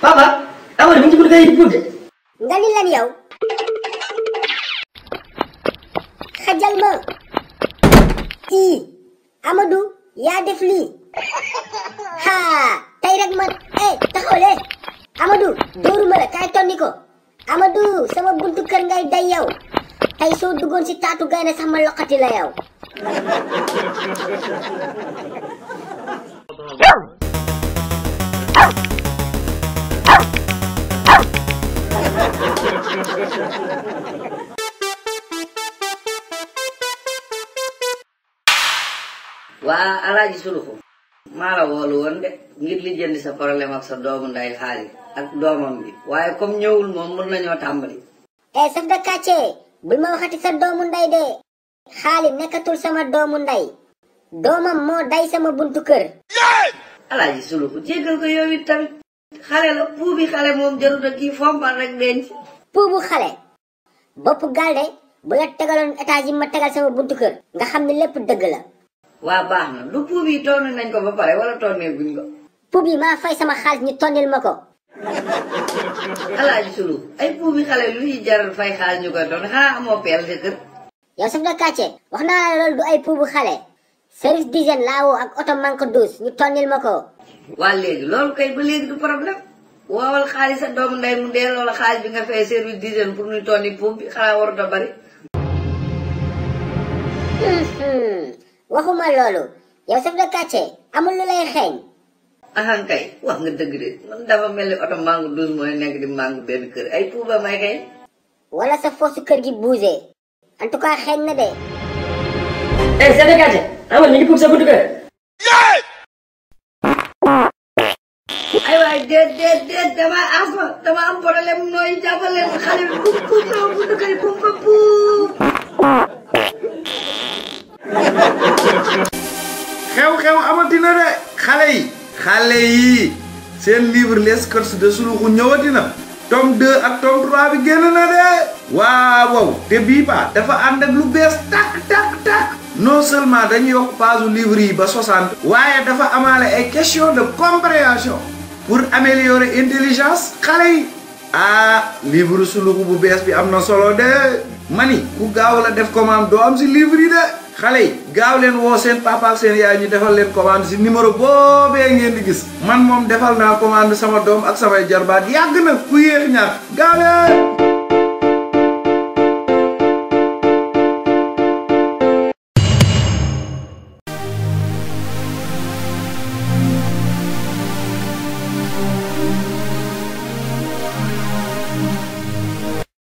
papa Amadou mu ngi ci buntu kay Deadpool de nga ni lan yow xajal ma kii Amadou yaa ha tey eh taxaw le amadu dóoruma la kaay tonni ko sama buntukan kër ngay day yow tey soo duggoon si taatu gaynde sax ma waa alaaji suluxu maa la woolu woon de ngir li jëndi sa problème sa doomu nday xaali ak doomam bi waaye comme ñëwul moom mën nañoo tàmbali eh chef de quartier bul ma waxati sa doomu nday de xaali nekkatul sama doomu nday doomam moo day sama buntu kër alaaji suluxu jéggal la puubu xale bopp galde bu la tegaloon étage ma tegal sama buntu kër nga xam ne lépp dëgg la waa baax na du puub yi tonne nañ ko ba pare wala tonne guñ ko. puub yi maa fay sama xaalis ñu tonnel ma ko. alaaji sulu ay puub yi xale lu ñuy jaral fay xaalis ñu koy tonne xanaa amoo peel sa kër. yow chef de quartier wax naa la loolu du ay puubu xale. service d'hygiène laa woo ak oto manque douze ñu tonnel ma ko. waa léegi loolu kay ba léegi du problème. woowal xaalis sa doomu ndey mu delloo la xaalis bi nga fay service d'hygiène pour ñu tonni puub bi waxuma loolu yow chef de amul lu lay xeeñ. ahan kay wax nga dëgg de man dafa mel ni oto mangu douze mooy nekk di mangu benn kër ay puuba may xeeñ. wala sa foosu kër gi bougé en tout na de. eh chef de quartier amal mi puub sa buntu kër. ay puub puub. xew-xew amati na de xale yi xale yi seen livre les courses de suluxu ñëwati na tome 2 ak tome 3 bi génn na de waaw waaw te bii ba dafa ànd ak lu bees tak tak tak non seulement dañu yokk page livre yi ba 60 waaye dafa amaale ay question de compréhension pour améliorer intelligence xale yi ah livre suluku bu bees bi am na solo de mani ku gaaw la def commande doo am si livre de xale yi gaaw leen woo seen papa ak seen yaay ñu defal leen commande si numéro boobee ngeen di gis man moom defal naa commande sama doom ak samay jarbaat yàgg na ku yéex ñaar gaaw leen